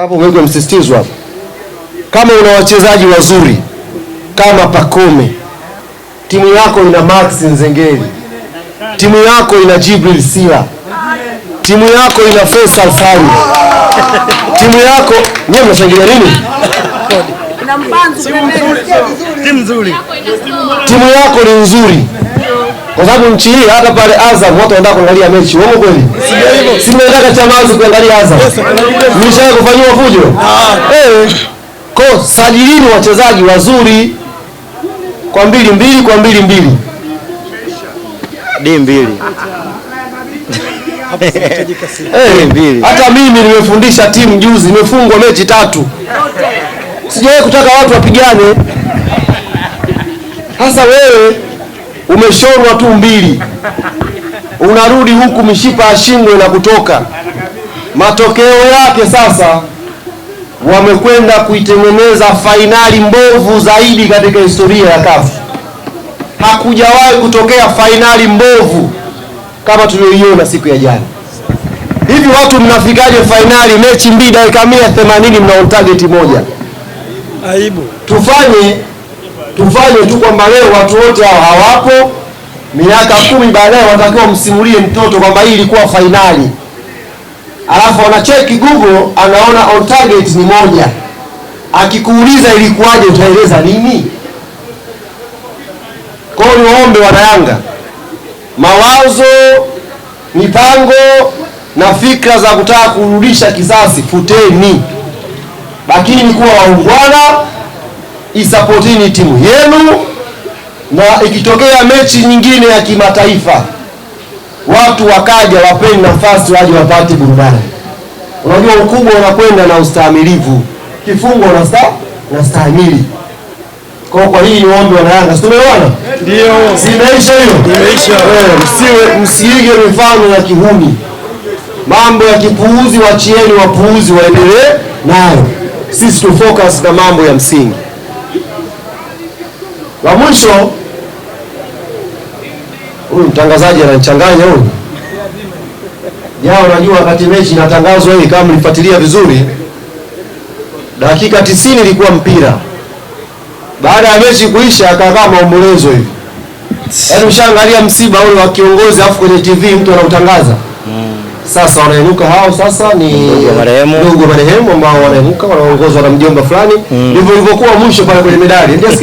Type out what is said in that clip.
Hapo uwekwe msisitizo hapo. Kama una wachezaji wazuri kama Pakome, timu yako ina Max Nzengeli, timu yako ina Jibril Sila, timu yako ina Faisal Fari, timu yako nyewe, mnashangilia nini? Timu yako ni nzuri kwa sababu nchi hii hata pale Azam watu wanataka kuangalia mechi. Wewe kweli? Si mnaenda Chamazi kuangalia Azam. Mlishaje kufanywa fujo? Ah. Eh. Kwa sajilini wachezaji wazuri kwa mbili mbili kwa mbili mbili. D mbili. Hey, eh, hata mimi nimefundisha timu juzi, nimefungwa mechi tatu, sijawahi kutaka watu wapigane. Sasa wewe umeshonwa tu mbili, unarudi huku mishipa ya shingo kutoka Matokeo yake sasa wamekwenda kuitengeneza fainali mbovu zaidi katika historia ya kafu. Hakujawahi kutokea fainali mbovu kama tuliyoiona siku ya jana. Hivi watu mnafikaje fainali mechi mbili dakika mia themanini mna on target moja? Aibu. Tufanye tufanye tu kwamba leo watu wote hao hawapo, miaka kumi baadaye watakiwa msimulie mtoto kwamba hii ilikuwa fainali, alafu anacheki Google anaona on target ni moja. Akikuuliza ilikuwaje, utaeleza nini? Kwa hiyo niwaombe wanayanga, mawazo, mipango na fikra za kutaka kurudisha kizazi, futeni, lakini ni kuwa waungwana isapotini timu yenu, na ikitokea mechi nyingine ya kimataifa watu wakaja, wapeni nafasi, waje wapate burudani. Unajua, ukubwa unakwenda na ustahimilivu, kifungo na stahimili. Kwa kwa hii niombe wana Yanga, si tumeona ndio zimeisha hiyo, eh, msiwe msiige mifano ya kihuni, mambo ya kipuuzi wachieni wapuuzi waendelee nayo, sisi tu focus na mambo ya msingi wa mwisho, huyu mtangazaji ananichanganya huyu. Jana unajua, wakati mechi inatangazwa hii, kama mlifuatilia vizuri, dakika tisini ilikuwa mpira. Baada ya mechi kuisha, akavaa maombolezo hivi. Yaani mshaangalia msiba ule wa kiongozi, afu kwenye TV mtu anautangaza. Sasa wanainuka hao, sasa ni ndugu marehemu ambao wanainuka wanaongozwa na mjomba fulani. Mm. Ndivyo ilivyokuwa mwisho pale kwenye medali.